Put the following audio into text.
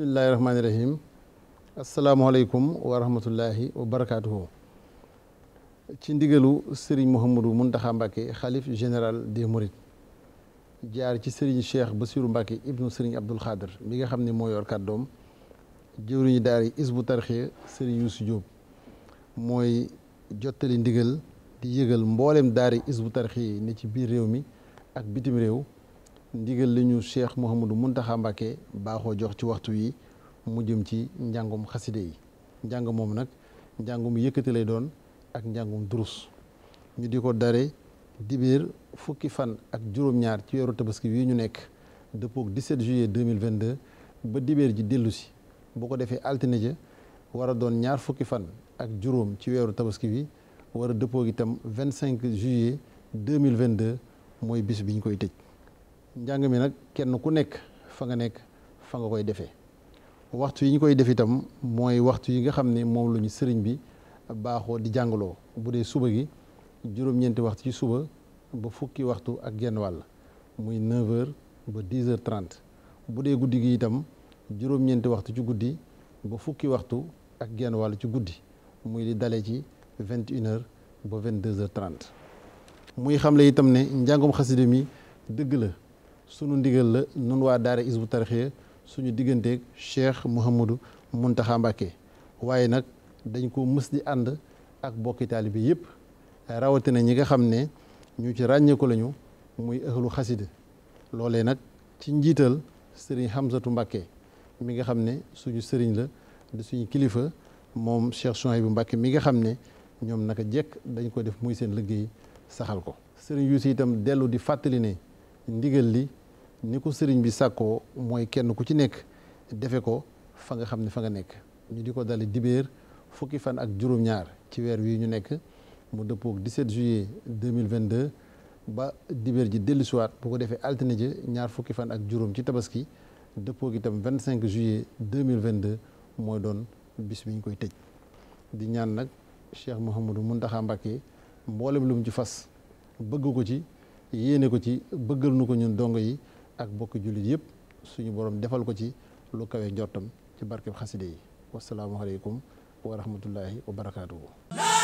bismillahi rahmaani rahim asalaamualeykum wa rahmatullahi wa ci ndigalu Serigne Mouhamadou Mountakha Mbacké xalif général des Mourides jaar ci Serigne Cheikh Bassirou Mbacké ibnu Serigne Abdoul Khadir bi nga xam ni moo yor kàddoom jëwriñu daara yi Hizbut Tarqiyyah Serigne Youssou Diop mooy jottali ndigal di yëgal mboolem daara yi Hizbut Tarqiyyah yi ci biir réew mi ak bitim réew ndigal li ñu Cheikh Mouhamadou Mountakha Mbacké baaxoo jox ci waxtu yi mu jëm ci njàngum xaside yi njàng moom nag njàngum yëkkati lay doon ak njàngum durus ñu di ko dare dibiir fukki fan ak juróom-ñaar ci weeru tabaski wi ñu nekk dëppook 17 juillet 2022 ba dibeer ji dellu si boo ko defee altine ja war a doon ñaar fukki fan ak juróom ci weeru tabaski wi war a dëppook itam 25 juillet 2022 mooy bis bi ñu koy tëj njàng mi nag kenn ku nekk fa nga nekk fa nga koy defee waxtu yi ñu koy def itam mooy waxtu yi nga xam ne moom la ñu sëriñ bi baaxoo di jàngaloo bu dee suba gi juróom-ñeenti waxtu ci suba ba fukki waxtu ak genn wàll muy 9 ba 10 h bu dee guddi gi itam juróom-ñeenti waxtu ci guddi ba fukki waxtu ak genn wàll ci guddi muy li dale ci 21h ba 22h30 muy xamle itam ne njàngum xasida mi dëgg la sunu ndigal la nun waa daara isbu tarxiya suñu digganteeg cheikh mouhamadou muntaxa mbàkke waaye nag dañ ko mës di ànd ak bokki taalibe bi yëpp rawatina ñi nga xam ne ñu ci ràññeeku lañu muy ëxlu xasida loolee nag ci njiital sëriñ Hamzatu Mbàkke mi nga xam ne suñu sëriñ la di suñu kilifa moom Cheikh Souhaïbou Mbàkke mi nga xam ne ñoom naka jekk dañ ko def muy seen liggéey saxal ko sëriñ Yuusu itam dellu di fàttali ne ndigal li ni ko sëriñ bi sàkkoo mooy kenn ku ci nekk defe ko fa nga xam ne fa nga nekk ñu di ko dale dibéer fukki fan ak juróom-ñaar ci weer wi ñu nekk mu dëppoog 17 juillet 2022 ba dibéer ji dellusiwaat bu ko defee altine ñaar fukki fan ak juróom ci tabaski dëppoog itam cinq juillet mille vingt deux mooy doon bis bi ñu koy tëj di ñaan nag Cheikh mun Mountakha Mbacké mboolem lu mu ci fas bëgg ko ci yéene ko ci bëggal nu ko ñun dongo yi ak bokki jullit yëpp suñu borom defal ko ci lu kawe njortam ci barkeb xaside yi wasalaamualeykum wa rahmatullahi wa